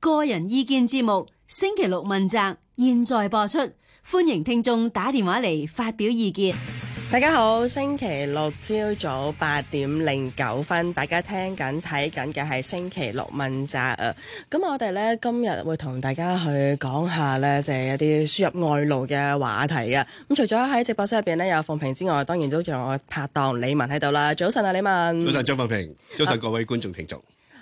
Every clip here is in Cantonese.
個人意見節目星期六問責，現在播出，歡迎聽眾打電話嚟發表意見。大家好，星期六朝早八點零九分，大家聽緊睇緊嘅係星期六問責啊！咁我哋咧今日會同大家去講下咧，就係、是、一啲輸入外勞嘅話題嘅。咁除咗喺直播室入邊咧有鳳萍之外，當然都仲有我拍檔李文喺度啦。早晨啊，李文。早晨，張鳳萍。早晨，啊、各位觀眾聽眾。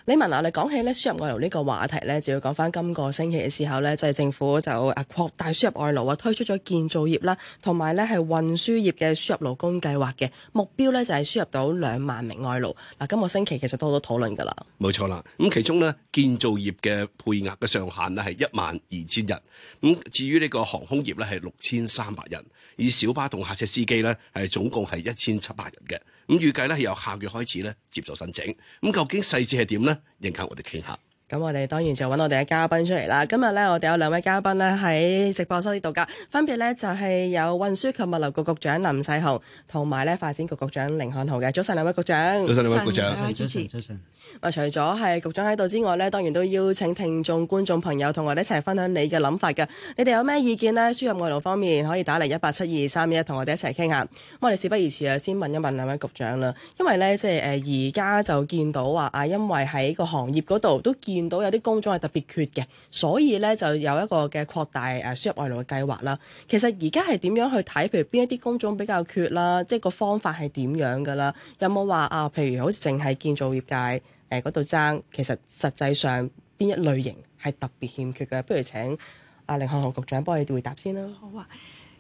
李文嗱，你講起咧輸入外勞呢個話題咧，就要講翻今個星期嘅時候咧，就係、是、政府就誒擴大輸入外勞啊，推出咗建造業啦，同埋咧係運輸業嘅輸入勞工計劃嘅目標咧，就係輸入到兩萬名外勞嗱。今個星期其實都好多討論噶啦，冇錯啦。咁其中咧，建造業嘅配額嘅上限咧係一萬二千人，咁至於呢個航空業咧係六千三百人，而小巴同客車司機咧係總共係一千七百人嘅。咁預計咧，由下月開始接受申請。咁究竟細節係點呢？陣間我哋傾下。咁我哋當然就搵我哋嘅嘉賓出嚟啦。今日呢，我哋有兩位嘉賓呢喺直播室度噶分別呢就係有運輸及物流局局長林世雄，同埋呢發展局局長甯漢豪嘅。早晨兩位局長，早晨，唔該主持。早晨。啊，除咗係局長喺度之外呢，當然都邀請聽眾、觀眾朋友同我哋一齊分享你嘅諗法嘅。你哋有咩意見呢？輸入外勞方面可以打嚟一八七二三一，同我哋一齊傾下。我哋事不宜遲啊，先問一問兩位局長啦。因為呢，即係誒，而家就見到話啊，因為喺個行業嗰度都見。見到有啲工種係特別缺嘅，所以咧就有一個嘅擴大誒輸入外勞嘅計劃啦。其實而家係點樣去睇？譬如邊一啲工種比較缺啦？即係個方法係點樣㗎喇？有冇話啊？譬如好似淨係建造業界誒嗰度爭，其實實際上邊一類型係特別欠缺嘅？不如請阿甯漢豪局長幫你回答先啦。好啊，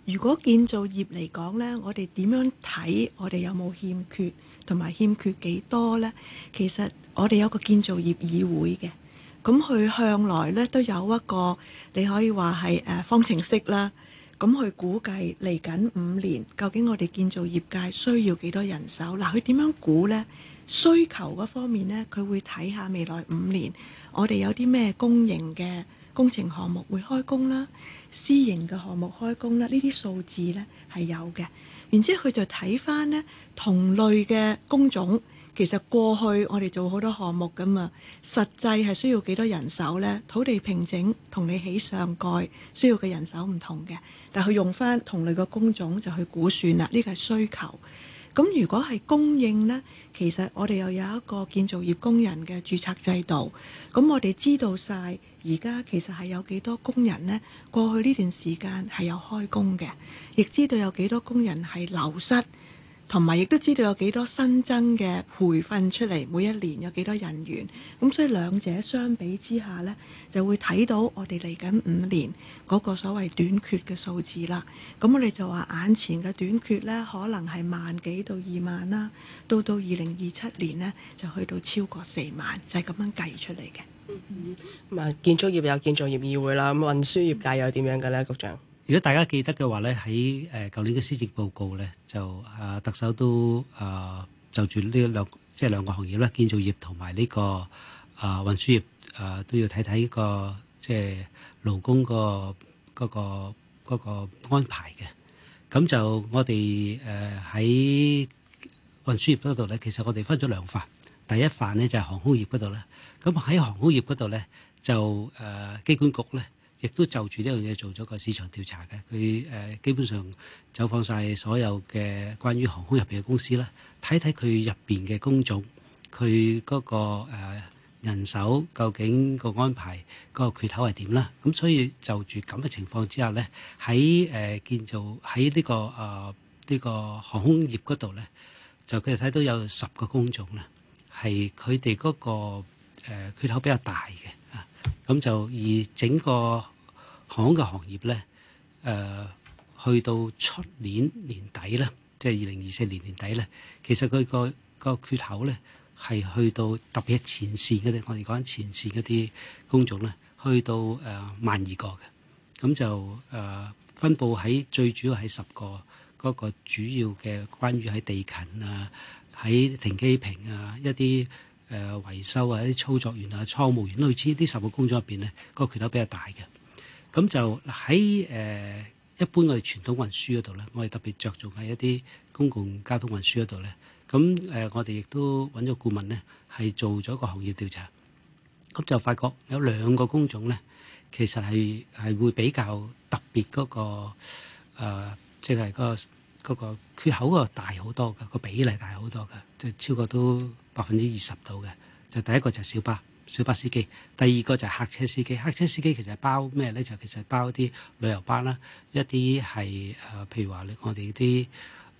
如果建造業嚟講咧，我哋點樣睇？我哋有冇欠缺同埋欠缺幾多咧？其實我哋有個建造業議會嘅。咁佢向來咧都有一個，你可以話係誒方程式啦。咁佢估計嚟緊五年，究竟我哋建造業界需要幾多人手？嗱，佢點樣估呢？需求嗰方面呢，佢會睇下未來五年我哋有啲咩公營嘅工程項目會開工啦，私營嘅項目開工啦，呢啲數字呢係有嘅。然之後佢就睇翻呢同類嘅工種。其實過去我哋做好多項目㗎嘛，實際係需要幾多人手呢？土地平整同你起上蓋需要嘅人手唔同嘅，但係用翻同類嘅工種就去估算啦。呢個係需求。咁如果係供應呢，其實我哋又有一個建造業工人嘅註冊制度。咁我哋知道晒，而家其實係有幾多工人呢？過去呢段時間係有開工嘅，亦知道有幾多工人係流失。同埋亦都知道有幾多新增嘅培訓出嚟，每一年有幾多人員，咁所以兩者相比之下呢，就會睇到我哋嚟緊五年嗰個所謂短缺嘅數字啦。咁我哋就話眼前嘅短缺呢，可能係萬幾到二萬啦，到到二零二七年呢，就去到超過四萬，就係、是、咁樣計出嚟嘅。建築業有建造業議會啦，咁運輸業界又點樣嘅呢，局長？如果大家記得嘅話咧，喺誒舊年嘅施政報告咧，就啊特首都啊、呃、就住呢兩即係、就是、兩個行業啦，建造業同埋呢個啊、呃、運輸業啊、呃、都要睇睇、這個即係、就是、勞工、那個嗰、那個那個安排嘅。咁就我哋誒喺運輸業嗰度咧，其實我哋分咗兩範。第一範咧就係航空業嗰度咧。咁喺航空業嗰度咧，就誒、呃、機管局咧。亦都就住呢樣嘢做咗個市場調查嘅，佢誒基本上走訪晒所有嘅關於航空入邊嘅公司啦，睇睇佢入邊嘅工種，佢嗰個誒人手究竟個安排嗰個缺口係點啦。咁所以就住咁嘅情況之下咧，喺誒建造喺呢個啊呢個航空業嗰度咧，就佢睇到有十個工種啦，係佢哋嗰個誒缺口比較大嘅啊，咁就而整個，行嘅行業咧，誒、呃、去到出年年底啦，即係二零二四年年底咧，其實佢個個缺口咧係去到特別係前線嗰啲，我哋講前線嗰啲工種咧，去到誒萬二個嘅，咁就誒、呃、分佈喺最主要係十個嗰、那個主要嘅，關於喺地勤啊、喺停機坪啊、一啲誒、呃、維修啊、一啲操作員啊、倉務員，類似呢啲十個工種入邊咧，個缺口比較大嘅。咁就喺誒、呃、一般我哋傳統運輸嗰度咧，我哋特別着重喺一啲公共交通運輸嗰度咧。咁誒、呃，我哋亦都揾咗顧問咧，係做咗一個行業調查。咁就發覺有兩個工種咧，其實係係會比較特別嗰、那個誒，即、呃、係、就是那個嗰、那個、缺口個大好多嘅，個比例大好多嘅，即係超過都百分之二十度嘅。就第一個就係小巴。小巴司機，第二個就係客車司機。客車司機其實包咩咧？就其實包啲旅遊巴啦，一啲係誒，譬如話我哋啲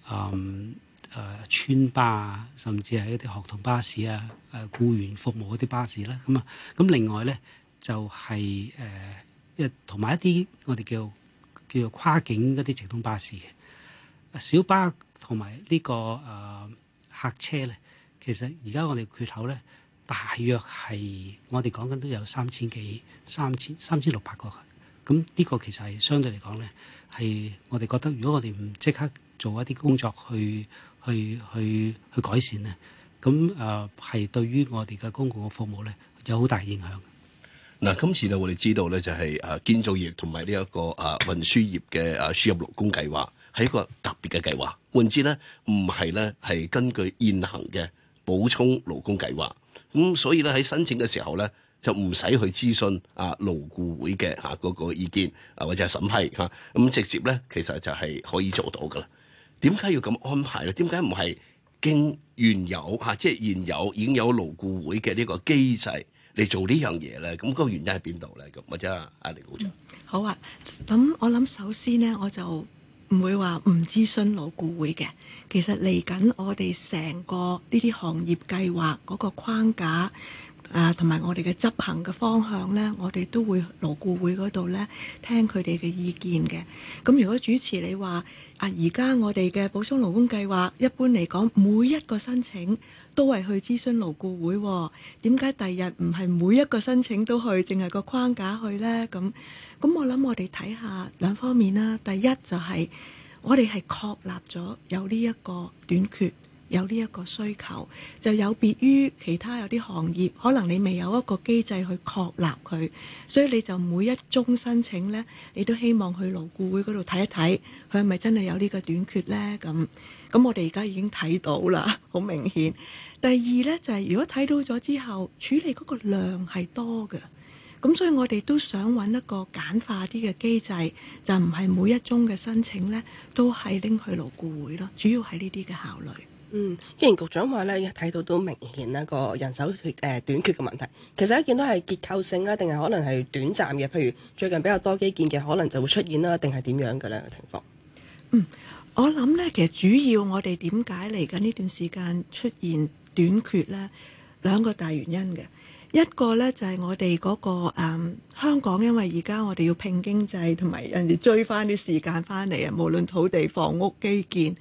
誒誒村巴啊，甚至係一啲學童巴士啊，誒、呃、僱員服務嗰啲巴士啦。咁啊，咁另外咧就係、是、誒、呃、一同埋一啲我哋叫叫做跨境嗰啲直通巴士嘅小巴同埋呢個誒、呃、客車咧，其實而家我哋缺口咧。大約係我哋講緊都有三千幾，三千三千六百個咁。呢個其實係相對嚟講咧，係我哋覺得，如果我哋唔即刻做一啲工作去去去去改善咧，咁誒係對於我哋嘅公共嘅服務咧，有好大影響。嗱，今次咧，我哋知道咧就係誒建造業同埋呢一個誒運輸業嘅誒輸入勞工計劃係一個特別嘅計劃，換之咧唔係咧係根據現行嘅補充勞工計劃。咁、嗯、所以咧喺申請嘅時候咧，就唔使去諮詢啊勞顧會嘅啊嗰個意見啊或者係審批嚇咁、啊、直接咧，其實就係可以做到噶啦。點解要咁安排咧？點解唔係經原有嚇即係現有，啊、現有已經有勞顧會嘅呢個機制嚟做呢樣嘢咧？咁個原因喺邊度咧？咁或者阿李、啊、好唔好？好啊！咁我諗首先咧，我就。唔會話唔諮詢勞顧會嘅，其實嚟緊我哋成個呢啲行業計劃嗰個框架。啊，同埋我哋嘅執行嘅方向咧，我哋都會勞顧會嗰度咧聽佢哋嘅意見嘅。咁如果主持你話啊，而家我哋嘅補充勞工計劃一般嚟講，每一個申請都係去諮詢勞顧會喎，點解第日唔係每一個申請都去，淨係個框架去咧？咁咁我諗我哋睇下兩方面啦。第一就係、是、我哋係確立咗有呢一個短缺。有呢一個需求，就有別於其他有啲行業，可能你未有一個機制去確立佢，所以你就每一宗申請呢，你都希望去勞顧會嗰度睇一睇，佢係咪真係有呢個短缺呢？咁咁，我哋而家已經睇到啦，好明顯。第二呢，就係如果睇到咗之後，處理嗰個量係多嘅，咁所以我哋都想揾一個簡化啲嘅機制，就唔係每一宗嘅申請呢都係拎去勞顧會咯，主要係呢啲嘅考慮。嗯，既然局長話咧，睇到都明顯一個人手誒、呃、短缺嘅問題，其實一見都係結構性啊，定係可能係短暫嘅，譬如最近比較多基建嘅，可能就會出現啦，定係點樣嘅咧情況？嗯，我諗咧，其實主要我哋點解嚟緊呢段時間出現短缺咧，兩個大原因嘅，一個咧就係、是、我哋嗰、那個、嗯、香港，因為而家我哋要拼經濟，同埋人哋追翻啲時間翻嚟啊，無論土地、房屋、基建。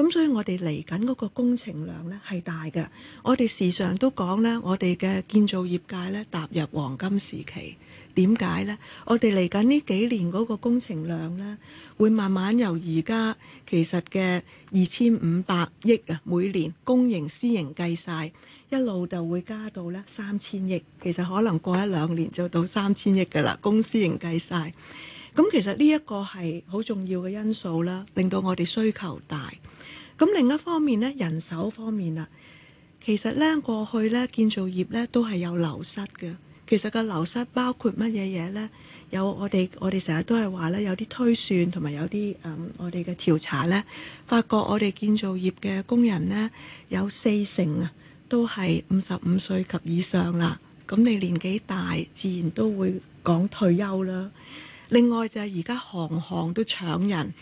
咁所以，我哋嚟緊嗰個工程量呢係大嘅。我哋時常都講呢，我哋嘅建造業界呢踏入黃金時期。點解呢？我哋嚟緊呢幾年嗰個工程量呢，會慢慢由而家其實嘅二千五百億啊，每年公營私營計晒，一路就會加到呢三千億。其實可能過一兩年就到三千億㗎啦，公私營計晒，咁其實呢一個係好重要嘅因素啦，令到我哋需求大。咁另一方面咧，人手方面啊，其實咧過去咧，建造業咧都係有流失嘅。其實個流失包括乜嘢嘢咧？有我哋我哋成日都係話咧，有啲推算同埋有啲誒、嗯，我哋嘅調查咧，發覺我哋建造業嘅工人咧，有四成啊，都係五十五歲及以上啦。咁你年紀大，自然都會講退休啦。另外就係而家行行都搶人。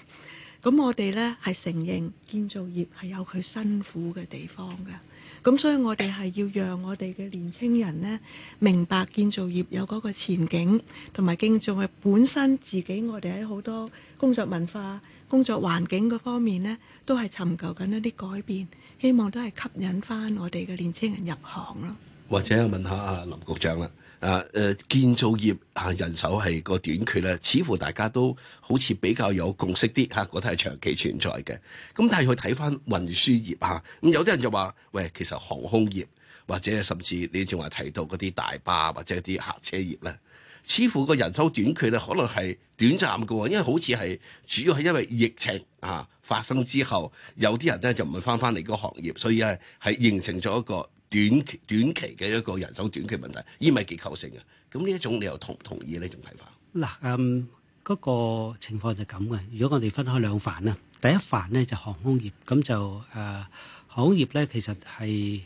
咁我哋咧係承認建造業係有佢辛苦嘅地方嘅，咁所以我哋係要讓我哋嘅年青人咧明白建造業有嗰個前景，同埋建造業本身自己，我哋喺好多工作文化、工作環境嗰方面咧都係尋求緊一啲改變，希望都係吸引翻我哋嘅年青人入行咯。或者問下阿林局長啦。啊，誒、呃，建造業啊，人手係個短缺咧，似乎大家都好似比較有共識啲嚇，覺得係長期存在嘅。咁但係去睇翻運輸業啊，咁有啲人就話，喂，其實航空業或者甚至你正話提到嗰啲大巴或者啲客車業咧，似乎個人手短缺咧，可能係短暫㗎喎，因為好似係主要係因為疫情啊發生之後，有啲人咧就唔會翻翻嚟個行業，所以係、啊、係形成咗一個。短期短期嘅一個人手短缺問題，依咪結構性嘅咁呢一種？你又同唔同意呢種睇法？嗱，嗯，嗰個情況就咁嘅。如果我哋分開兩範啦，第一範咧就航空業，咁就誒航空業咧，其實係一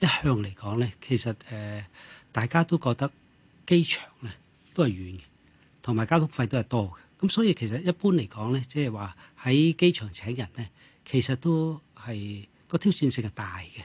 向嚟講咧，其實誒大家都覺得機場咧都係遠嘅，同埋交通費都係多嘅。咁所以其實一般嚟講咧，即係話喺機場請人咧，其實都係個挑戰性係大嘅。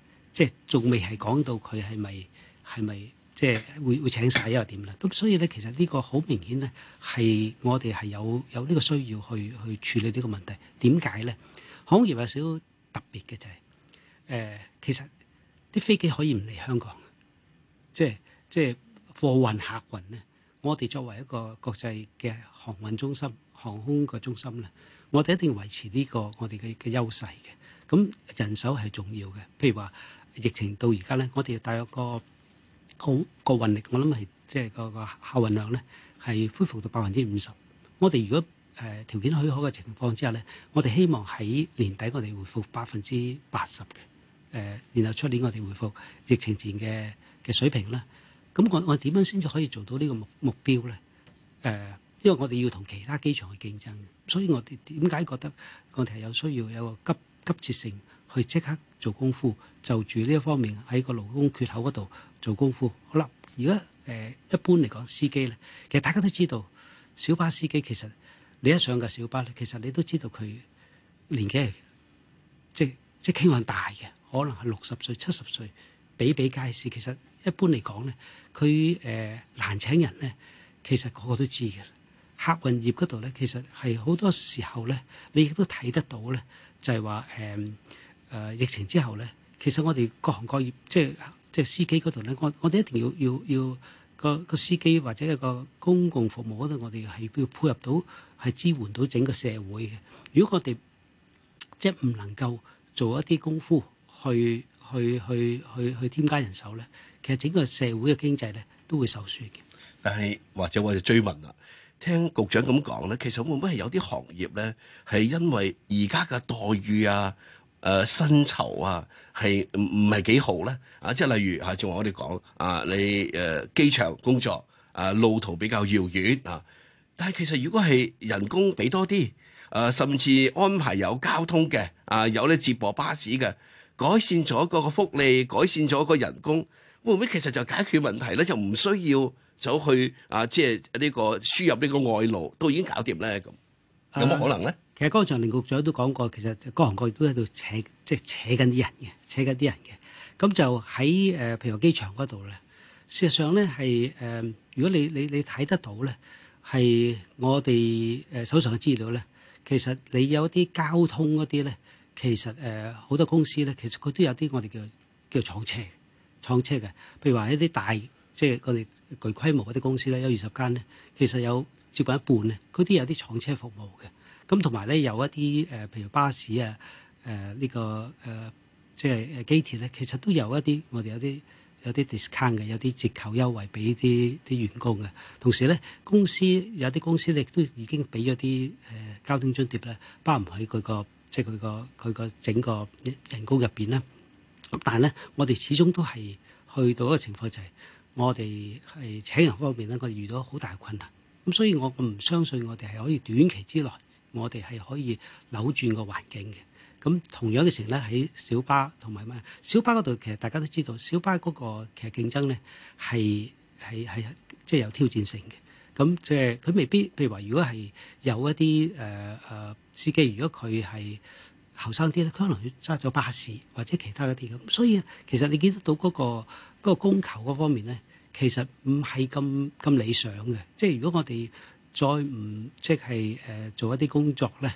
即係仲未係講到佢係咪係咪即係會會請晒，又點咧？咁所以咧，其實呢個好明顯咧，係我哋係有有呢個需要去去處理呢個問題。點解咧？航空業有少少特別嘅就係、是、誒、呃，其實啲飛機可以唔嚟香港，即係即係貨運客運咧。我哋作為一個國際嘅航運中心、航空嘅中心咧，我哋一定維持呢個我哋嘅嘅優勢嘅。咁、嗯、人手係重要嘅，譬如話。疫情到而家咧，我哋大約個個個運力，我諗係即係個個客運量咧，係恢復到百分之五十。我哋如果誒條件許可嘅情況之下咧，我哋希望喺年底我哋回復百分之八十嘅誒，然後出年我哋回復疫情前嘅嘅水平咧。咁我我點樣先至可以做到呢個目目標咧？誒，因為我哋要同其他機場去競爭，所以我哋點解覺得我哋係有需要有個急急切性。去即刻做功夫，就住呢一方面喺個勞工缺口嗰度做功夫。好啦，如果誒一般嚟講司機咧，其實大家都知道小巴司機其實你一上架小巴咧，其實你都知道佢年紀係即即傾向大嘅，可能係六十歲、七十歲，比比皆是。其實一般嚟講咧，佢誒難請人咧，其實個個都知嘅。客運業嗰度咧，其實係好多時候咧，你亦都睇得到咧，就係話誒。誒、啊、疫情之後咧，其實我哋各行各業，即係即係司機嗰度咧，我我哋一定要要要，要個個司機或者一個公共服務嗰度，我哋係要配合到係支援到整個社會嘅。如果我哋即係唔能夠做一啲功夫去去去去去，去添加人手咧，其實整個社會嘅經濟咧都會受損嘅。但係或者我哋追問啊，聽局長咁講咧，其實會唔會係有啲行業咧係因為而家嘅待遇啊？誒薪、呃、酬啊，係唔唔係幾好咧？啊，即係例如吓，仲、啊、我哋講啊，你誒、啊、機場工作啊，路途比較遙遠啊，但係其實如果係人工俾多啲啊，甚至安排有交通嘅啊，有咧接駁巴士嘅，改善咗嗰個福利，改善咗個人工，會唔會其實就解決問題咧？就唔需要走去啊，即係呢個輸入呢個外勞都已經搞掂咧？咁有冇可能咧？其實剛才林局長都講過，其實各行各業都喺度扯，即係扯緊啲人嘅，扯緊啲人嘅。咁就喺誒、呃，譬如機場嗰度咧，事實上咧係誒，如果你你你睇得到咧，係我哋誒手上嘅資料咧，其實你有啲交通嗰啲咧，其實誒好、呃、多公司咧，其實佢都有啲我哋叫叫廠車廠車嘅，譬如話一啲大即係、就是、我哋具規模嗰啲公司咧，有二十間咧，其實有接近一半咧，佢都有啲廠車服務嘅。咁同埋咧，有一啲誒，譬如巴士啊，誒、啊、呢、呢個誒，即係誒機鐵咧，其實都有一啲我哋有啲有啲 discount 嘅，有啲折扣優惠俾啲啲員工嘅。同時咧，公司有啲公司亦都已經俾咗啲誒交通津貼咧，包唔喺佢個即係佢個佢個整個人工入邊啦。但係咧，我哋始終都係去到一個情況、就係，就係我哋係請人方面咧，我哋遇到好大困難。咁所以我我唔相信我哋係可以短期之內。我哋係可以扭轉個環境嘅。咁同樣嘅時候咧，喺小巴同埋咩？小巴嗰度其實大家都知道，小巴嗰個其實競爭咧係係係即係有挑戰性嘅。咁即係佢未必，譬如話，如果係有一啲誒誒司機，呃呃、如果佢係後生啲咧，佢可能要揸咗巴士或者其他嗰啲咁。所以其實你見得到嗰、嗰個嗰個供求嗰方面咧，其實唔係咁咁理想嘅。即、就、係、是、如果我哋，再唔即係誒、呃、做一啲工作咧，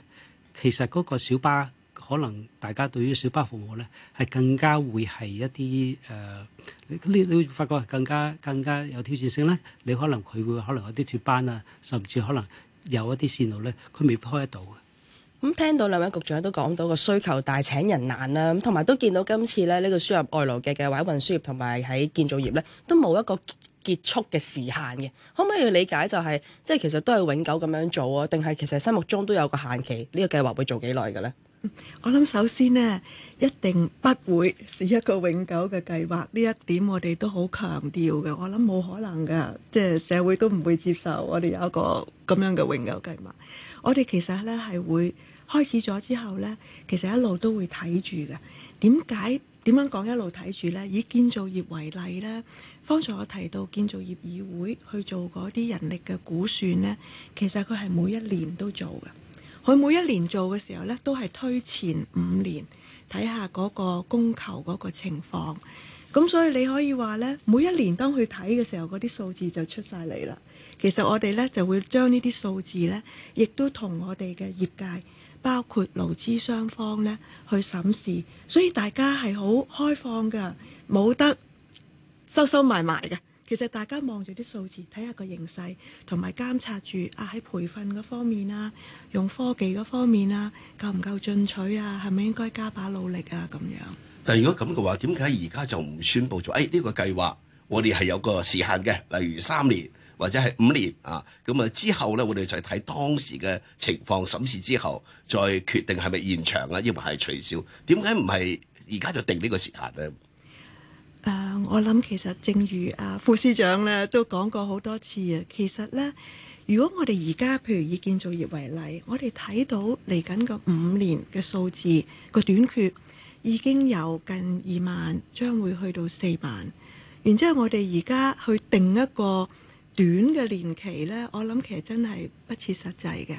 其實嗰個小巴可能大家對於小巴服務咧係更加會係一啲誒、呃、你你會發覺更加更加有挑戰性咧。你可能佢會可能有啲脫班啊，甚至可能有一啲綫路咧佢未必開得到嘅。咁、嗯、聽到兩位局長都講到、個需求大，請人難啦。咁同埋都見到今次咧呢、呢個輸入外勞嘅嘅委運輸業同埋喺建造業咧都冇一個。結束嘅時限嘅，可唔可以理解就係，即係其實都係永久咁樣做啊？定係其實心目中都有個限期，呢個計劃會做幾耐嘅呢？我諗首先呢，一定不會是一個永久嘅計劃，呢一點我哋都好強調嘅。我諗冇可能嘅，即係社會都唔會接受我哋有一個咁樣嘅永久計劃。我哋其實呢係會開始咗之後呢，其實一路都會睇住嘅。點解？點樣講？一路睇住呢？以建造業為例呢，方才我提到建造業議會去做嗰啲人力嘅估算呢，其實佢係每一年都做嘅。佢每一年做嘅時候呢，都係推前五年睇下嗰個供求嗰個情況。咁所以你可以話呢，每一年當佢睇嘅時候，嗰啲數字就出晒嚟啦。其實我哋呢，就會將呢啲數字呢，亦都同我哋嘅業界。包括勞資雙方咧去審視，所以大家係好開放嘅，冇得收收埋埋嘅。其實大家望住啲數字，睇下個形勢，同埋監察住啊喺培訓嗰方面啊，用科技嗰方面啊，夠唔夠進取啊？係咪應該加把努力啊？咁樣。但如果咁嘅話，點解而家就唔宣佈咗？誒呢個計劃，我哋係有個時限嘅，例如三年。或者係五年啊，咁啊之後咧，我哋就睇當時嘅情況審視之後，再決定係咪延長啊，抑或係取消。點解唔係而家就定呢個時限咧？誒、呃，我諗其實正如啊副司長咧都講過好多次啊。其實咧，如果我哋而家譬如以建造業為例，我哋睇到嚟緊個五年嘅數字、個短缺已經有近二萬，將會去到四萬。然之後，我哋而家去定一個短嘅年期呢，我諗其實真係不切實際嘅。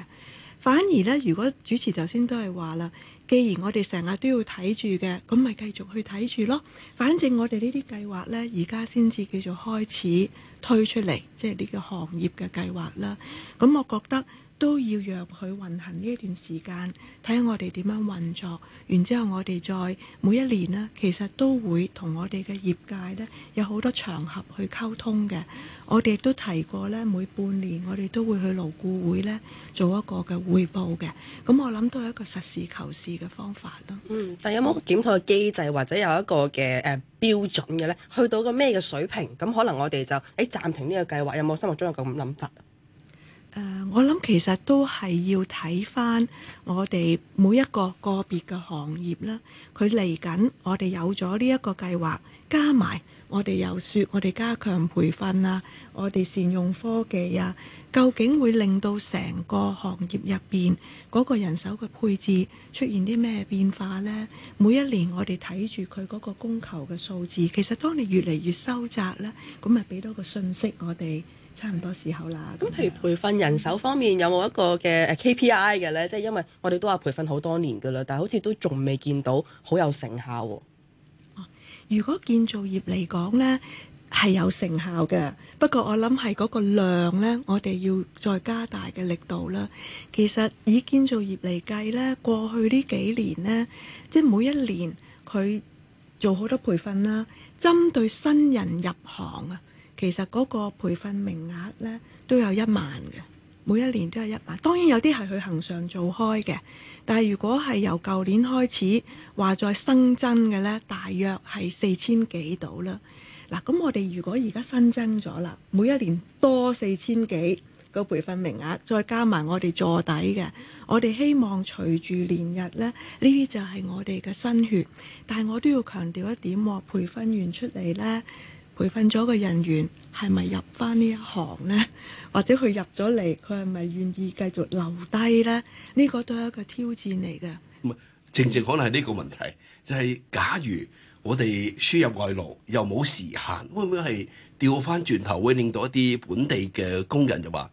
反而呢，如果主持頭先都係話啦，既然我哋成日都要睇住嘅，咁咪繼續去睇住咯。反正我哋呢啲計劃呢，而家先至叫做開始推出嚟，即係呢個行業嘅計劃啦。咁我覺得，都要讓佢運行呢一段時間，睇下我哋點樣運作，然之後我哋再每一年呢，其實都會同我哋嘅業界呢，有好多場合去溝通嘅。我哋亦都提過呢，每半年我哋都會去勞顧會呢做一個嘅匯報嘅。咁我諗都係一個實事求是嘅方法咯。嗯，但有冇檢討嘅機制或者有一個嘅誒、呃、標準嘅呢？去到個咩嘅水平咁，可能我哋就誒、欸、暫停呢個計劃。有冇心目中有咁諗法？我諗其實都係要睇翻我哋每一個個別嘅行業啦，佢嚟緊我哋有咗呢一個計劃，加埋我哋又説我哋加強培訓啊，我哋善用科技啊，究竟會令到成個行業入邊嗰個人手嘅配置出現啲咩變化咧？每一年我哋睇住佢嗰個供求嘅數字，其實當你越嚟越收窄咧，咁咪畀多個信息我哋。差唔多時候啦，咁、嗯、譬如培訓人手方面有冇一個嘅 KPI 嘅呢？即係因為我哋都話培訓好多年噶啦，但係好似都仲未見到好有成效。哦，如果建造業嚟講呢，係有成效嘅，嗯、不過我諗係嗰個量呢，我哋要再加大嘅力度啦。其實以建造業嚟計呢，過去呢幾年呢，即係每一年佢做好多培訓啦，針對新人入行啊。其實嗰個培訓名額呢，都有一萬嘅，每一年都有一萬。當然有啲係去恆常做開嘅，但係如果係由舊年開始話再新增嘅呢，大約係四千幾到啦。嗱、啊，咁我哋如果而家新增咗啦，每一年多四千幾個培訓名額，再加埋我哋坐底嘅，我哋希望隨住年日呢，呢啲就係我哋嘅新血。但係我都要強調一點，培訓完出嚟呢。培訓咗嘅人員係咪入翻呢一行呢？或者佢入咗嚟，佢係咪願意繼續留低呢？呢、呢個都係一個挑戰嚟嘅。唔係，正正可能係呢個問題，就係、係、假如我哋輸入外勞又冇時限，會唔會係調翻轉頭會令到一啲本地嘅工人就話？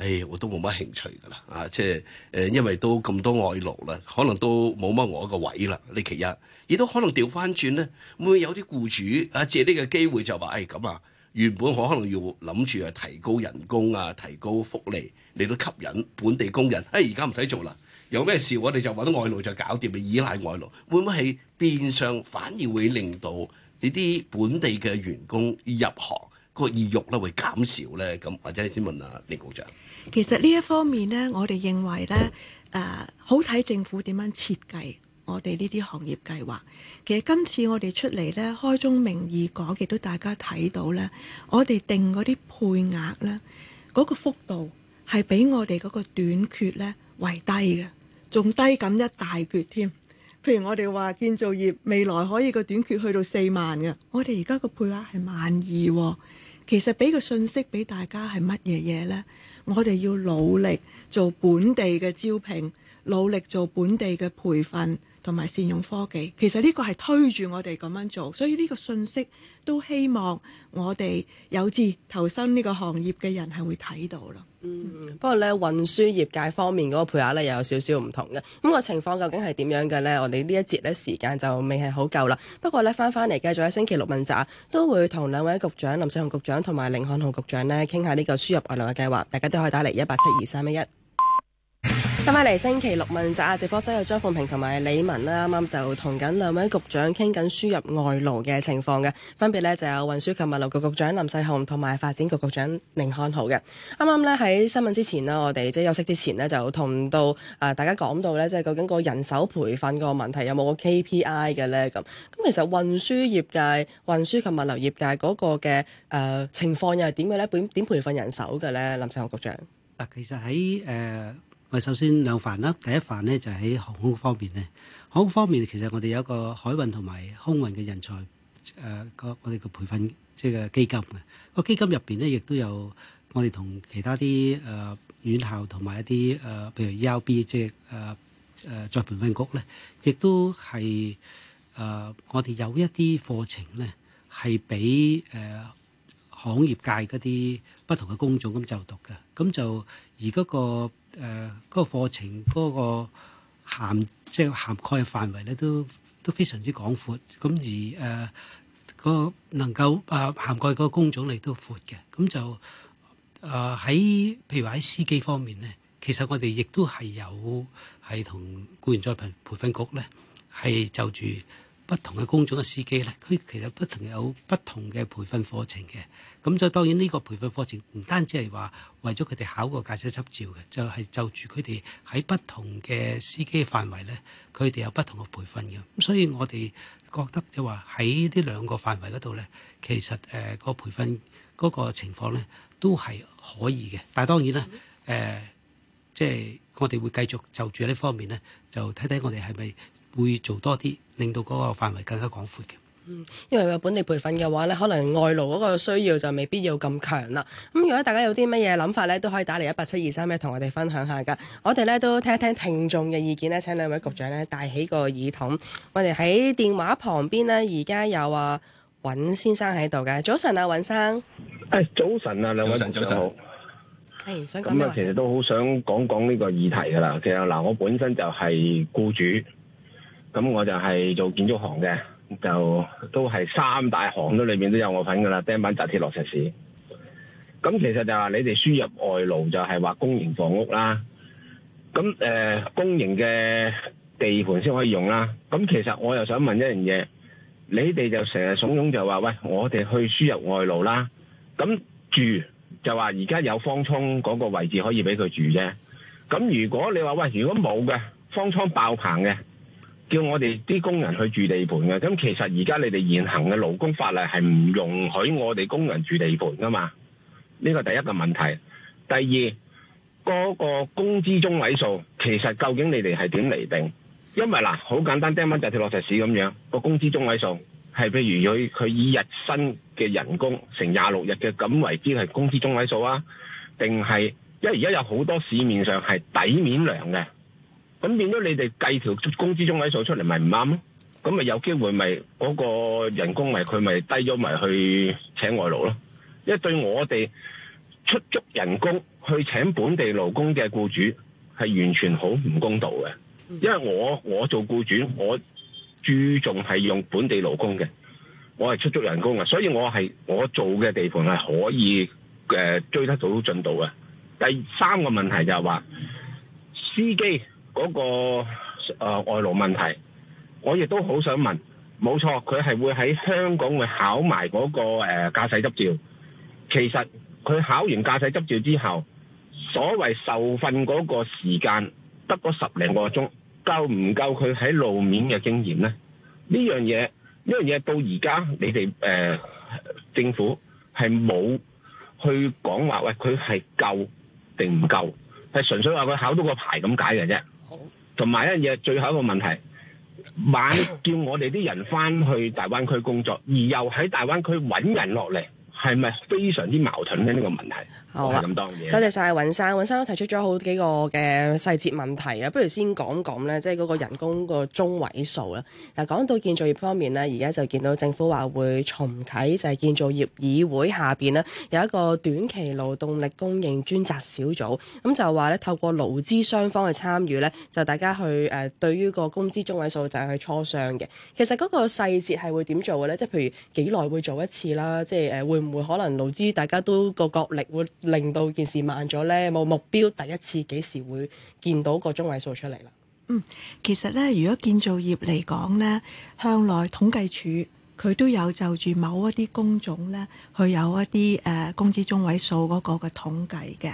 誒，我都冇乜興趣㗎啦，啊，即係誒、呃，因為都咁多外勞啦，可能都冇乜我個位啦。呢期日，亦都可能調翻轉咧，會，會有啲僱主啊借呢個機會就話，誒、哎、咁啊，原本我可能要諗住係提高人工啊，提高福利嚟到吸引本地工人。誒而家唔使做啦，有咩事我、啊、哋就揾外勞就搞掂，你依賴外勞會唔會係變相反而會令到呢啲本地嘅員工入行？個意欲咧會減少咧，咁或者先問下李局長。其實呢一方面咧，我哋認為咧，誒、呃、好睇政府點樣設計我哋呢啲行業計劃。其實今次我哋出嚟咧，開宗明義講，亦都大家睇到咧，我哋定嗰啲配額咧，嗰、那個幅度係比我哋嗰個短缺咧為低嘅，仲低咁一大橛添。譬如我哋話建造業未來可以個短缺去到四萬嘅，我哋而家個配額係萬二喎。其實俾個信息俾大家係乜嘢嘢呢？我哋要努力做本地嘅招聘，努力做本地嘅培訓同埋善用科技。其實呢個係推住我哋咁樣做，所以呢個信息都希望我哋有志投身呢個行業嘅人係會睇到啦。嗯，不過咧運輸業界方面嗰個配額咧又有少少唔同嘅，咁、那個情況究竟係點樣嘅呢？我哋呢一節咧時間就未係好夠啦。不過咧翻返嚟，繼續喺星期六問責，都會同兩位局長林世雄局長同埋甯漢豪局長咧傾下呢談談個輸入外勞嘅計劃，大家都可以打嚟一八七二三一一。1, 8, 7, 2, 3, 翻返嚟，星期六問責啊，直播室有張鳳平同埋李文啦，啱啱就同緊兩位局長傾緊輸入外勞嘅情況嘅，分別咧就有運輸及物流局局長林世雄同埋發展局局長甯漢豪嘅。啱啱咧喺新聞之前呢，我哋即係休息之前呢，就同到誒大家講到咧，即係究竟個人手培訓個問題有冇個 KPI 嘅咧咁？咁其實運輸業界、運輸及物流業界嗰個嘅誒情況又係點嘅咧？點點培訓人手嘅咧？林世雄局長嗱，其實喺誒。呃喂，首先兩範啦，第一範咧就係喺航空方面咧，航空方面其實我哋有一個海運同埋空運嘅人才誒個我哋個培訓即係基金嘅個基金入邊咧，亦都有我哋同其他啲誒院校同埋一啲誒，譬如 ERB 即係誒誒再培訓局咧，亦都係誒我哋有一啲課程咧，係俾誒行業界嗰啲不同嘅工種咁就讀嘅，咁就。而嗰、那個誒嗰、呃那個、課程嗰、那個涵即係涵蓋嘅範圍咧，都都非常之廣闊。咁而誒、呃那個能夠誒、呃、涵蓋個工種嚟都闊嘅。咁就誒喺、呃、譬如話喺司機方面咧，其實我哋亦都係有係同僱員再培培訓局咧係就住。不同嘅工種嘅司機咧，佢其實不同有不同嘅培訓課程嘅。咁就當然呢個培訓課程唔單止係話為咗佢哋考個駕駛執照嘅，就係就住佢哋喺不同嘅司機範圍咧，佢哋有不同嘅培訓嘅。咁所以我哋覺得就話喺呢兩個範圍嗰度咧，其實誒個培訓嗰個情況咧都係可以嘅。但係當然啦，誒即係我哋會繼續就住呢方面咧，就睇睇我哋係咪。會做多啲，令到嗰個範圍更加廣闊嘅。嗯，因為有本地培訓嘅話咧，可能外勞嗰個需要就未必要咁強啦。咁如果大家有啲乜嘢諗法咧，都可以打嚟一八七二三一同我哋分享下噶。我哋咧都聽一聽聽，聽眾嘅意見咧。請兩位局長咧帶起個耳筒。我哋喺電話旁邊咧，而家有阿、啊、尹先生喺度嘅。早晨啊，尹生。誒、哎，早晨啊，兩位早晨好。係、哎，想咁啊，其實都好想講講呢個議題噶啦。其實嗱，我本身就係僱主。咁我就係做建築行嘅，就都係三大行都裏面都有我份㗎喇。釘板、紮鐵、落石屎。咁其實就話你哋輸入外勞就係話公營房屋啦。咁誒、呃、公營嘅地盤先可以用啦。咁其實我又想問一樣嘢，你哋就成日慫恿就話喂，我哋去輸入外勞啦。咁住就話而家有方艙嗰個位置可以俾佢住啫。咁如果你話喂，如果冇嘅方艙爆棚嘅。叫我哋啲工人去住地盤嘅，咁其實而家你哋現行嘅勞工法例係唔容許我哋工人住地盤噶嘛？呢個第一個問題。第二，嗰個工資中位數其實究竟你哋係點嚟定？因為嗱，好簡單，聽翻就似落石屎咁樣。個工資中位數係譬如佢佢以日薪嘅人工乘廿六日嘅咁為之係工資中位數啊？定係，因為而家有好多市面上係底面糧嘅。咁變咗你哋計條工資中位數出嚟，咪唔啱咯？咁咪有機會咪嗰個人工咪佢咪低咗咪去請外勞咯？因為對我哋出足人工去請本地勞工嘅僱主係完全好唔公道嘅，因為我我做僱主，我注重係用本地勞工嘅，我係出足人工嘅，所以我係我做嘅地盤係可以誒、呃、追得到進度嘅。第三個問題就係話司機。嗰個誒外勞問題，我亦都好想問，冇錯，佢係會喺香港會考埋嗰個誒駕駛執照。其實佢考完駕駛執照之後，所謂受訓嗰個時間得嗰十零個鐘夠唔夠佢喺路面嘅經驗呢？呢樣嘢呢樣嘢到而家你哋誒政府係冇去講話，喂佢係夠定唔夠？係純粹話佢考到個牌咁解嘅啫。同埋一樣嘢，最後一個問題，晚叫我哋啲人返去大灣區工作，而又喺大灣區揾人落嚟。係咪非常之矛盾咧？呢個問題，好啊！咁當然。多謝晒尹生，尹生都提出咗好幾個嘅細節問題啊！不如先講講咧，即係嗰個人工個中位數啦。嗱，講到建造業方面咧，而家就見到政府話會重啟就係建造業議會下邊呢，有一個短期勞動力供應專責小組，咁就話咧透過勞資雙方嘅參與咧，就大家去誒、呃、對於個工資中位數就係去磋商嘅。其實嗰個細節係會點做嘅咧？即係譬如幾耐會做一次啦？即係誒會唔？會可能勞資大家都個角力會令到件事慢咗呢，冇目標，第一次幾時會見到個中位數出嚟啦？嗯，其實呢，如果建造業嚟講呢，向來統計處佢都有就住某一啲工種呢，佢有一啲誒工資中位數嗰個嘅統計嘅。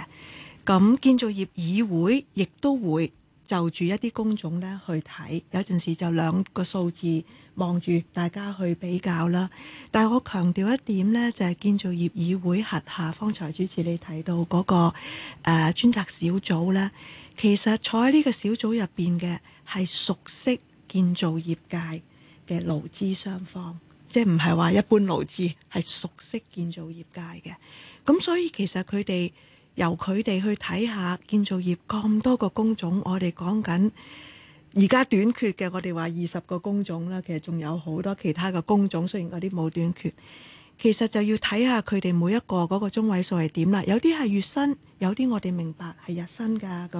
咁、嗯、建造業議會亦都會就住一啲工種呢去睇，有陣時就兩個數字。望住大家去比較啦，但係我強調一點呢，就係、是、建造業議會轄下，方才主持你提到嗰、那個誒、呃、專責小組呢，其實坐喺呢個小組入邊嘅係熟悉建造業界嘅勞資雙方，即係唔係話一般勞資，係熟悉建造業界嘅。咁所以其實佢哋由佢哋去睇下建造業咁多個工種，我哋講緊。而家短缺嘅，我哋話二十個工種啦，其實仲有好多其他嘅工種，雖然嗰啲冇短缺，其實就要睇下佢哋每一個嗰個中位數係點啦。有啲係月薪，有啲我哋明白係日薪噶咁，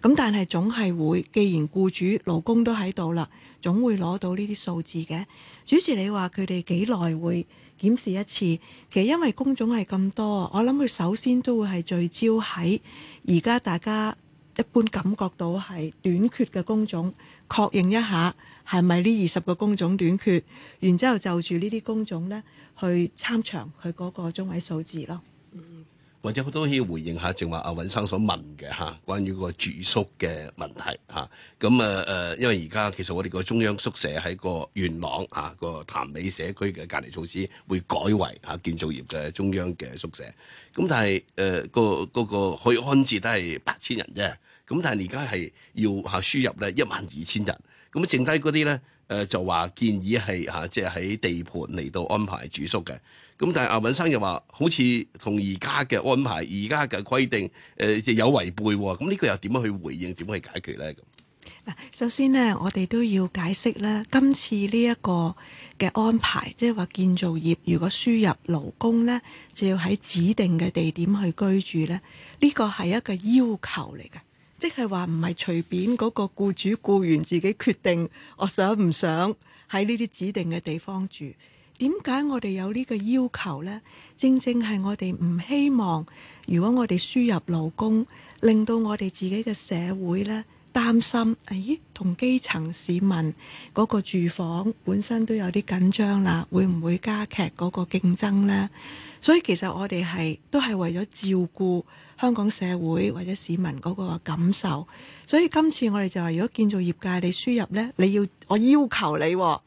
咁但係總係會，既然僱主勞工都喺度啦，總會攞到呢啲數字嘅。主持你話，佢哋幾耐會檢視一次？其實因為工種係咁多，我諗佢首先都會，係聚焦喺而家大家。一般感覺到係短缺嘅工種，確認一下係咪呢二十個工種短缺，然之後就住呢啲工種咧去參詳佢嗰個中位數字咯。或者好多去回應下，正話阿尹生所問嘅嚇，關於個住宿嘅問題嚇。咁啊誒，因為而家其實我哋個中央宿舍喺個元朗嚇、啊、個潭尾社區嘅隔離措施會改為嚇建造業嘅中央嘅宿舍。咁、啊、但係誒、啊、個嗰個可以安置都係八千人啫。咁、啊、但係而家係要嚇輸入咧一萬二千人。咁、啊、剩低嗰啲咧誒就話建議係嚇即係喺地盤嚟到安排住宿嘅。咁但係阿文生又話，好似同而家嘅安排、而家嘅規定，誒、呃，就有違背咁呢，嗯，這個又點樣去回應、點樣去解決咧？咁嗱，首先咧，我哋都要解釋咧，今次呢一個嘅安排，即係話建造業如果輸入勞工咧，就要喺指定嘅地點去居住咧，呢、這個係一個要求嚟嘅，即係話唔係隨便嗰個僱主僱員自己決定，我想唔想喺呢啲指定嘅地方住。點解我哋有呢個要求呢？正正係我哋唔希望，如果我哋輸入勞工，令到我哋自己嘅社會呢擔心。咦、哎，同基層市民嗰個住房本身都有啲緊張啦，會唔會加劇嗰個競爭呢？所以其實我哋係都係為咗照顧香港社會或者市民嗰個感受。所以今次我哋就話，如果建造業界你輸入呢，你要我要求你、哦。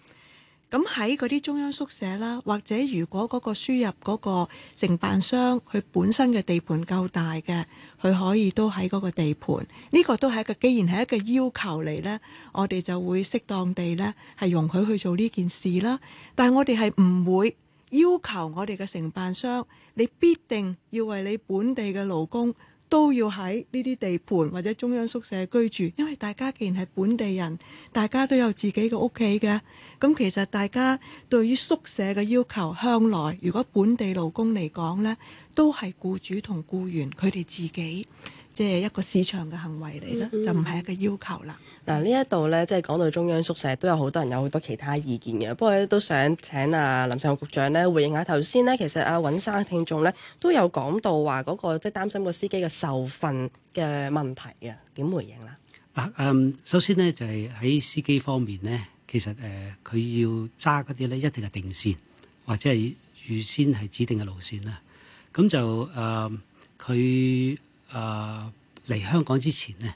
咁喺嗰啲中央宿舍啦，或者如果嗰個輸入嗰個承辦商佢本身嘅地盤夠大嘅，佢可以都喺嗰個地盤，呢個都係一個既然係一個要求嚟咧，我哋就會適當地咧係容許去做呢件事啦。但係我哋係唔會要求我哋嘅承辦商，你必定要為你本地嘅勞工。都要喺呢啲地盤或者中央宿舍居住，因為大家既然係本地人，大家都有自己嘅屋企嘅。咁其實大家對於宿舍嘅要求向來，如果本地勞工嚟講，呢都係僱主同僱員佢哋自己，即係一個市場嘅行為嚟啦，mm hmm。就唔係一個要求啦。嗱、啊，呢一度咧，即係講到中央宿舍都有好多人有好多其他意見嘅。不過都想請啊林世雄局長咧回應下頭先咧，其實阿、啊、尹生聽眾咧都有講到話嗰、那個即係擔心個司機嘅受訓嘅問題啊，點回應啦？啊，嗯，首先咧就係、是、喺司機方面咧，其實誒佢、呃、要揸嗰啲咧一定係定線或者係預先係指定嘅路線啦。咁就誒佢。嗯嗯誒嚟、呃、香港之前咧，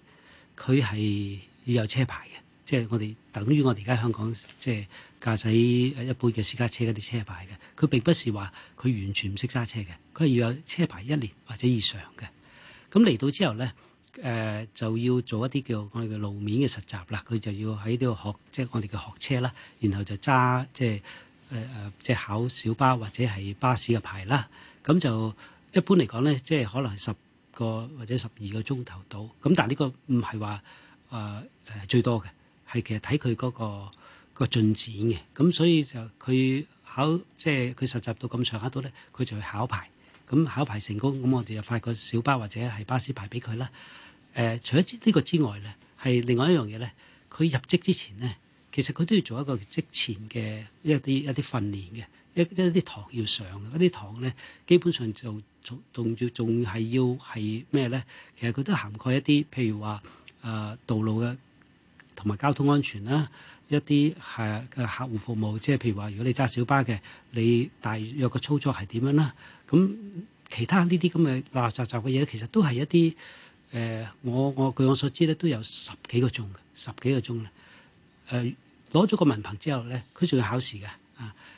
佢係要有車牌嘅，即係我哋等於我哋而家香港即係、就是、駕駛一般嘅私家車嗰啲車牌嘅。佢並不是話佢完全唔識揸車嘅，佢係要有車牌一年或者以上嘅。咁嚟到之後咧，誒、呃、就要做一啲叫我哋嘅路面嘅實習啦。佢就要喺呢度學，即、就、係、是、我哋嘅學車啦。然後就揸即係誒誒，即係、呃、考小巴或者係巴士嘅牌啦。咁就一般嚟講咧，即係可能係十個或者十二個鐘頭到，咁但係呢個唔係話誒誒最多嘅，係其實睇佢嗰個個進展嘅，咁所以就佢考即係佢實習到咁上下度咧，佢就去考牌，咁考牌成功，咁我哋就發個小巴或者係巴士牌俾佢啦。誒、呃，除咗呢個之外咧，係另外一樣嘢咧，佢入職之前咧，其實佢都要做一個職前嘅一啲一啲訓練嘅。一一啲堂要上嗰啲堂咧，基本上就仲仲要仲係要係咩咧？其實佢都涵蓋一啲，譬如話誒道路嘅同埋交通安全啦，一啲係嘅客戶服務，即係譬如話如果你揸小巴嘅，你大約嘅操作係點樣啦？咁其他呢啲咁嘅垃垃雜雜嘅嘢，其實都係一啲誒、呃，我我據我所知咧，都有十幾個鐘，十幾個鐘。咧、呃。誒攞咗個文憑之後咧，佢仲要考試嘅。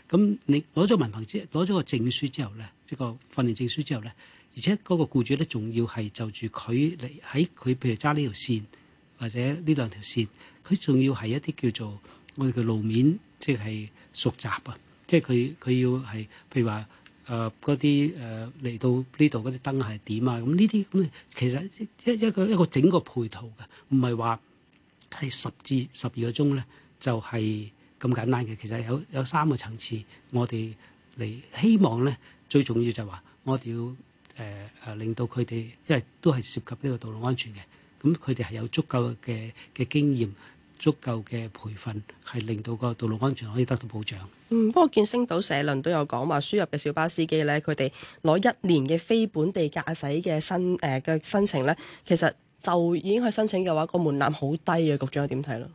咁你攞咗文憑之，攞咗個證書之後咧，即個訓練證書之後咧，而且嗰個僱主咧，仲要係就住佢嚟喺佢譬如揸呢條線，或者呢兩條線，佢仲要係一啲叫做我哋嘅路面，即係熟習啊，即係佢佢要係譬如話誒嗰啲誒嚟到呢度嗰啲燈係點啊，咁呢啲咁其實一一個一個整個配套嘅，唔係話係十至十二個鐘咧就係、是。咁簡單嘅，其實有有三個層次，我哋嚟希望咧，最重要就係話我哋要誒誒令到佢哋，因為都係涉及呢個道路安全嘅。咁佢哋係有足夠嘅嘅經驗，足夠嘅培訓，係令到個道路安全可以得到保障。嗯，不過見星島社論都有講話，輸入嘅小巴司機咧，佢哋攞一年嘅非本地駕駛嘅申誒嘅申請咧，其實就已經去申請嘅話，個門檻好低嘅。局長點睇咯？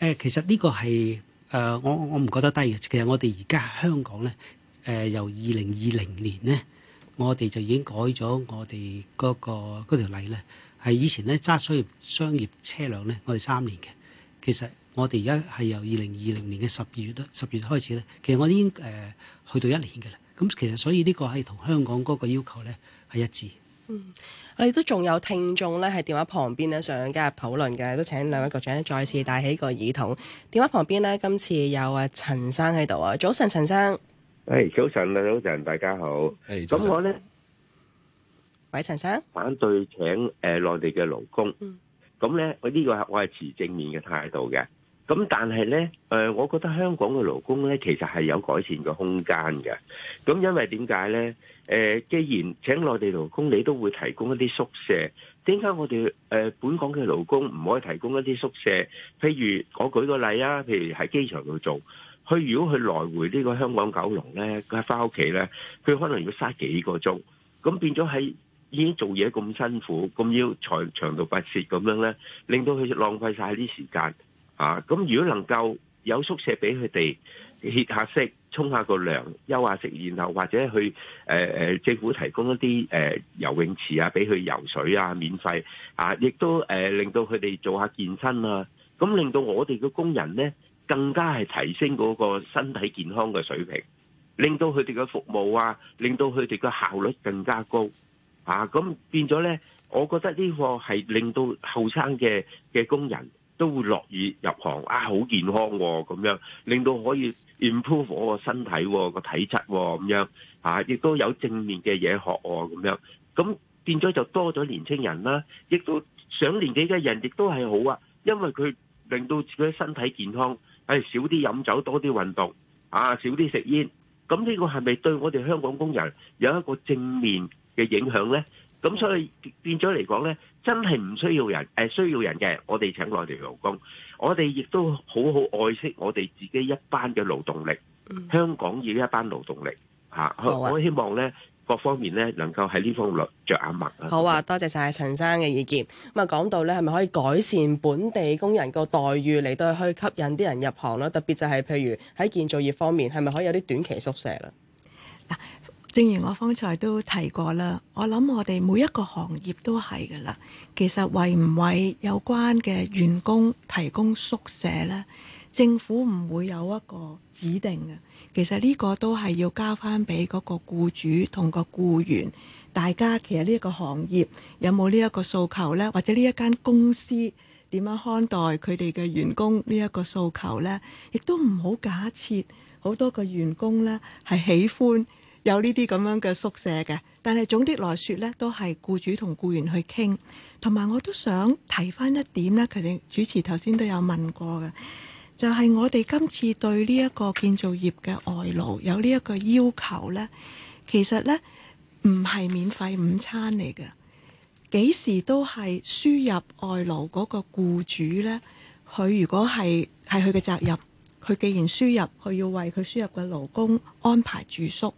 誒，其實呢個係。誒、呃，我我唔覺得低嘅。其實我哋而家香港咧，誒、呃、由二零二零年咧，我哋就已經改咗我哋嗰、嗰個條例咧，係以前咧揸商業商業車輛咧，我哋三年嘅。其實我哋而家係由二零二零年嘅十二月十月開始咧，其實我已經誒、呃、去到一年嘅啦。咁其實所以呢個係同香港嗰個要求咧係一致。嗯，我哋都仲有聽眾咧喺電話旁邊咧想加入討論嘅，都請兩位局長咧再次帶起個耳筒。電話旁邊咧，今次有阿陳生喺度啊，早晨，陳生。誒、hey，早晨早晨，大家好。誒、hey，咁我咧，喂，陳生。反對請誒、呃、內地嘅勞工。嗯。咁咧，我呢個我係持正面嘅態度嘅。咁但係咧，誒、呃，我覺得香港嘅勞工咧，其實係有改善嘅空間嘅。咁因為點解咧？誒、呃，既然請內地勞工，你都會提供一啲宿舍，點解我哋誒、呃、本港嘅勞工唔可以提供一啲宿舍？譬如我舉個例啊，譬如喺機場度做，佢如果去來回呢個香港九龍咧，佢翻屋企咧，佢可能要嘥幾個鐘，咁變咗喺已經做嘢咁辛苦，咁要長長途跋涉咁樣咧，令到佢浪費晒啲時間。啊，咁如果能夠有宿舍俾佢哋歇下息、沖下個涼、休下息，然後或者去誒誒政府提供一啲誒游泳池啊，俾佢游水啊，免費啊，亦都誒令到佢哋做下健身啊，咁令到我哋嘅工人咧更加係提升嗰個身體健康嘅水平，令到佢哋嘅服務啊，令到佢哋嘅效率更加高啊，咁變咗咧，我覺得呢個係令到後生嘅嘅工人都會樂意入行啊！好健康咁、哦、樣，令到可以 improve 我個身體、哦、個體質咁、哦、樣啊，亦都有正面嘅嘢學咁、哦、樣。咁變咗就多咗年青人啦，亦都上年紀嘅人亦都係好啊，因為佢令到自己身體健康，係、哎、少啲飲酒、多啲運動啊，少啲食煙。咁呢、呢個係咪對我哋香港工人有一個正面嘅影響呢？咁所以變咗嚟講咧，真係唔需要人誒、呃，需要人嘅，我哋請外地勞工，我哋亦都好好愛惜我哋自己一班嘅勞動力，嗯、香港呢一班勞動力嚇，啊啊、我希望咧各方面咧能夠喺呢方面着眼物。啊！嗯、好啊，多謝晒陳生嘅意見。咁啊，講到咧係咪可以改善本地工人個待遇嚟到去吸引啲人入行咧？特別就係譬如喺建造業方面，係咪可以有啲短期宿舍咧？正如我方才都提過啦，我諗我哋每一個行業都係噶啦。其實為唔為有關嘅員工提供宿舍咧，政府唔會有一個指定嘅。其實呢個都係要交翻俾嗰個僱主同個僱員，大家其實呢一個行業有冇呢一個訴求咧，或者呢一間公司點樣看待佢哋嘅員工呢一個訴求咧，亦都唔好假設好多個員工咧係喜歡。有呢啲咁樣嘅宿舍嘅，但係總的來說呢，都係僱主同僱員去傾。同埋我都想提翻一點咧，其實主持頭先都有問過嘅，就係、是、我哋今次對呢一個建造業嘅外勞有呢一個要求呢。其實呢，唔係免費午餐嚟嘅。幾時都係輸入外勞嗰個僱主呢。佢如果係係佢嘅責任，佢既然輸入，佢要為佢輸入嘅勞工安排住宿。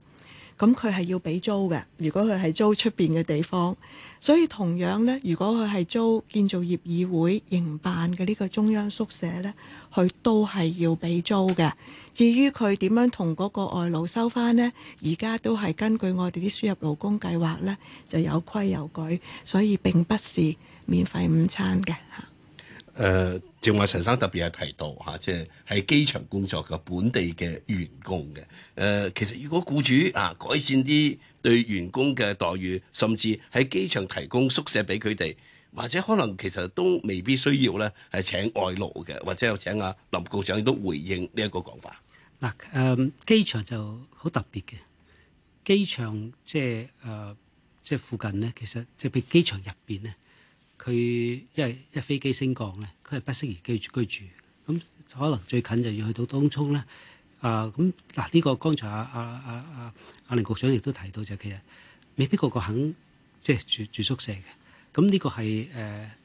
咁佢係要俾租嘅，如果佢係租出面嘅地方，所以同樣呢，如果佢係租建造業議會營辦嘅呢個中央宿舍呢，佢都係要俾租嘅。至於佢點樣同嗰個外勞收翻呢？而家都係根據我哋啲輸入勞工計劃呢，就有規有矩，所以並不是免費午餐嘅。誒、呃，正如阿陳生特別係提到嚇、啊，即係喺機場工作嘅本地嘅員工嘅。誒、啊，其實如果僱主啊改善啲對員工嘅待遇，甚至喺機場提供宿舍俾佢哋，或者可能其實都未必需要咧，係請外勞嘅，或者有請阿、啊、林局長亦都回應呢一個講法。嗱，誒，機場就好特別嘅，機場即係誒，即、呃、係、就是、附近咧，其實即係譬如機場入邊咧。佢一係一飛機升降咧，佢係不適宜居居住，咁可能最近就要去到東湧咧、呃這個啊。啊，咁嗱呢個剛才阿阿阿阿阿林局長亦都提到就係、其實未必個個肯即係住住宿舍嘅。咁呢個係誒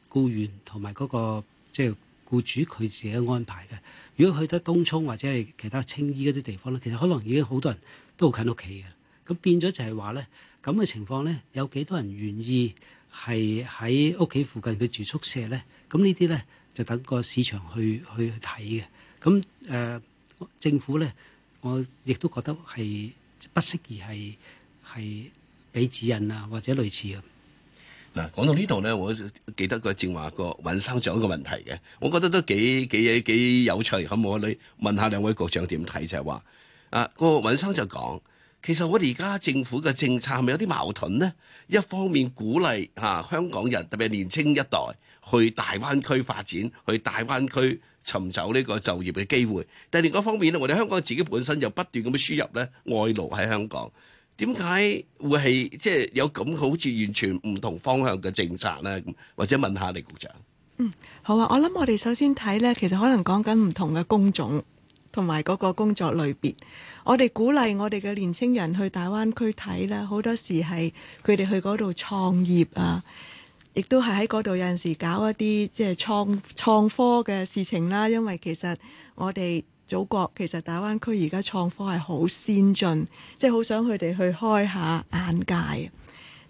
僱員同埋嗰個即係僱主佢自己安排嘅。如果去得東湧或者係其他青衣嗰啲地方咧，其實可能已經好多人都好近屋企嘅。咁變咗就係話咧，咁嘅情況咧，有幾多人願意？係喺屋企附近嘅住宿舍咧，咁呢啲咧就等個市場去去睇嘅。咁誒、呃，政府咧，我亦都覺得係不適宜係係俾指引啊，或者類似嘅。嗱，講到呢度咧，我記得個正話個尹生長一個問題嘅，我覺得都幾幾幾有趣，咁我嚟問下兩位局長點睇就係、是、話，啊、那個尹生就講。其實我哋而家政府嘅政策係咪有啲矛盾呢？一方面鼓勵嚇香港人特別係年青一代去大灣區發展，去大灣區尋找呢個就業嘅機會；第二個方面呢，我哋香港自己本身又不斷咁樣輸入咧外勞喺香港，點解會係即係有咁好似完全唔同方向嘅政策呢？或者問下你局長。嗯，好啊！我諗我哋首先睇咧，其實可能講緊唔同嘅工種。同埋嗰個工作類別，我哋鼓勵我哋嘅年青人去大灣區睇啦。好多時係佢哋去嗰度創業啊，亦都係喺嗰度有陣時搞一啲即係創創科嘅事情啦。因為其實我哋祖國其實大灣區而家創科係好先進，即係好想佢哋去開下眼界。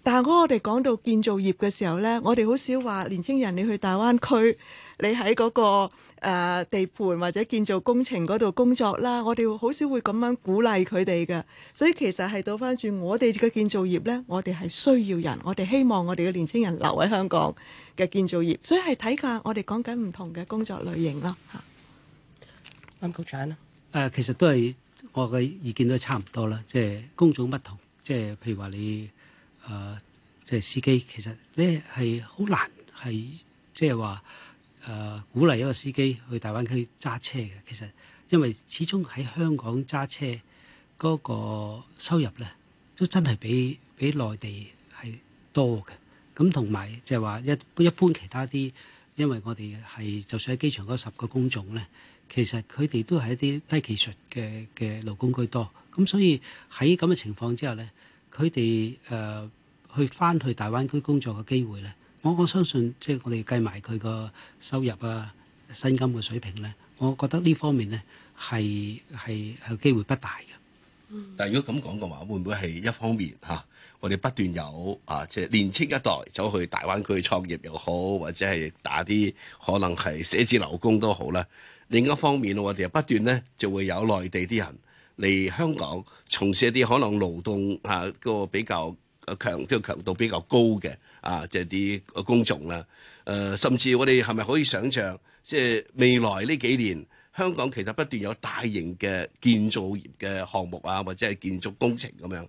但係係嗰個我哋講到建造業嘅時候咧，我哋好少話年青人你去大灣區。你喺嗰個誒地盤或者建造工程嗰度工作啦，我哋好少會咁樣鼓勵佢哋嘅，所以其實係倒翻轉我哋嘅建造業咧，我哋係需要人，我哋希望我哋嘅年輕人留喺香港嘅建造業，所以係睇下我哋講緊唔同嘅工作類型咯嚇。林局長咧，誒其實都係我嘅意見都差唔多啦，即係工種不同，即係譬如話你誒即係司機，其實咧係好難係即係話。誒、呃、鼓勵一個司機去大灣區揸車嘅，其實因為始終喺香港揸車嗰個收入咧，都真係比比內地係多嘅。咁同埋即係話一一般其他啲，因為我哋係就算喺機場嗰十個工種咧，其實佢哋都係一啲低技術嘅嘅勞工居多。咁所以喺咁嘅情況之下咧，佢哋誒去返去大灣區工作嘅機會咧。我我相信，即係我哋計埋佢個收入啊、薪金嘅水平咧，我覺得呢方面咧係係係機會不大嘅。嗯、但係如果咁講嘅話，會唔會係一方面吓、啊，我哋不斷有啊，即係年青一代走去大灣區創業又好，或者係打啲可能係寫字樓工都好啦。另一方面，我哋又不斷咧就會有內地啲人嚟香港從事一啲可能勞動嚇個比較強，即係強度比較高嘅。啊！即係啲工種啦，誒、啊，甚至我哋係咪可以想象，即、就、係、是、未來呢幾年香港其實不斷有大型嘅建造業嘅項目啊，或者係建築工程咁樣，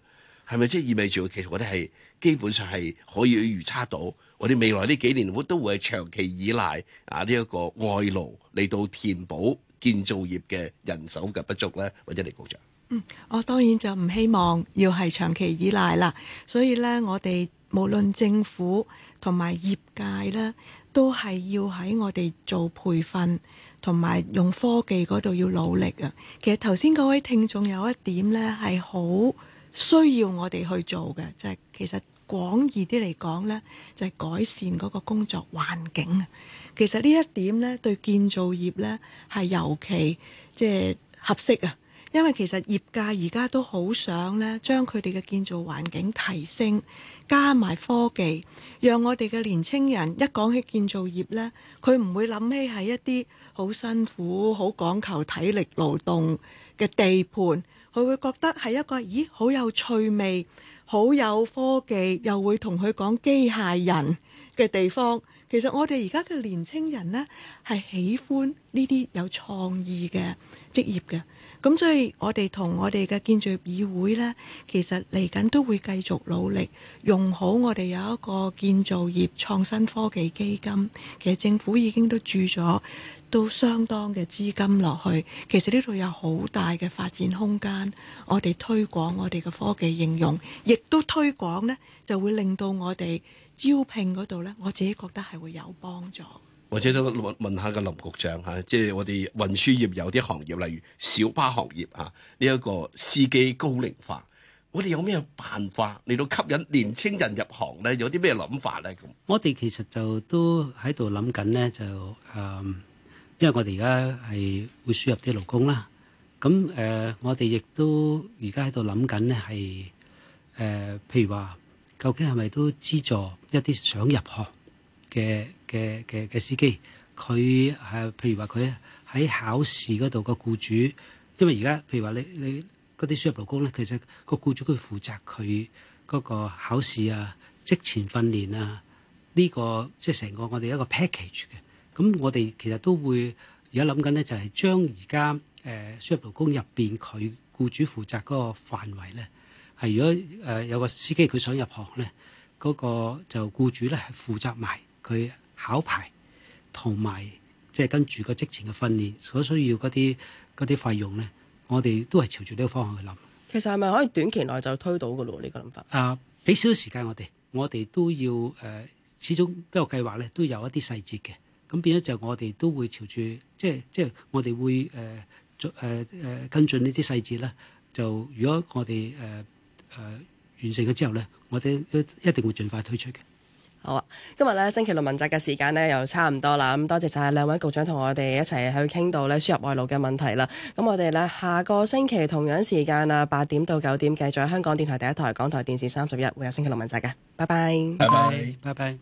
係咪即係意味住其實我哋係基本上係可以預測到我哋未來呢幾年會都會係長期依賴啊呢一個外勞嚟到填補建造業嘅人手嘅不足咧？或者林局長。嗯，我當然就唔希望要係長期依賴啦，所以咧我哋。無論政府同埋業界咧，都係要喺我哋做培訓同埋用科技嗰度要努力啊！其實頭先嗰位聽眾有一點咧係好需要我哋去做嘅，就係其實廣義啲嚟講咧，就係改善嗰個工作環境啊！其實呢一點咧對建造業咧係尤其即係合適啊！因為其實業界而家都好想咧，將佢哋嘅建造環境提升，加埋科技，讓我哋嘅年青人一講起建造業咧，佢唔會諗起係一啲好辛苦、好講求體力勞動嘅地盤，佢會覺得係一個咦，好有趣味、好有科技，又會同佢講機械人嘅地方。其實我哋而家嘅年青人咧，係喜歡呢啲有創意嘅職業嘅。咁所以，我哋同我哋嘅建造業議會咧，其實嚟緊都會繼續努力，用好我哋有一個建造業創新科技基金。其實政府已經都注咗都相當嘅資金落去。其實呢度有好大嘅發展空間，我哋推廣我哋嘅科技應用，亦都推廣咧，就會令到我哋招聘嗰度咧，我自己覺得係會有幫助。或者都問問下個林局長嚇、啊，即係我哋運輸業有啲行業，例如小巴行業嚇，呢一個司機高齡化，我哋有咩辦法嚟到吸引年青人入行咧？有啲咩諗法咧？咁 我哋其實就都喺度諗緊咧，就誒、嗯，因為我哋而家係會輸入啲勞工啦。咁誒、呃，我哋亦都而家喺度諗緊咧，係誒、呃，譬如話，究竟係咪都資助一啲想入行？嘅嘅嘅嘅司機，佢係譬如話佢喺考試嗰度個僱主，因為而家譬如話你你嗰啲輸入勞工咧，其實個僱主佢負責佢嗰個考試啊、職前訓練啊，呢個即係成個我哋一個 package 嘅。咁我哋其實都會而家諗緊咧，在在就係將而家誒輸入勞工入邊佢僱主負責嗰個範圍咧，係如果誒、呃、有個司機佢想入行咧，嗰個就僱主咧係負責埋。佢考牌同埋即係跟住個職前嘅訓練所需要嗰啲嗰啲費用咧，我哋都係朝住呢個方向去諗，其實係咪可以短期內就推到嘅咯？呢、這個諗法啊，俾少少時間，我哋，我哋都要誒、呃、始終呢個計劃咧都有一啲細節嘅。咁變咗就我哋都會朝住即係即係我哋會誒誒誒跟進呢啲細節咧，就如果我哋誒誒完成咗之後咧，我哋都一定會盡快推出嘅。好啊，今日咧星期六問責嘅時間咧又差唔多啦，咁多謝晒兩位局長同我哋一齊去傾到咧輸入外勞嘅問題啦。咁我哋咧下個星期同樣時間啊，八點到九點繼，繼續香港電台第一台、港台電視三十一，會有星期六問責嘅。拜拜，拜拜，拜拜。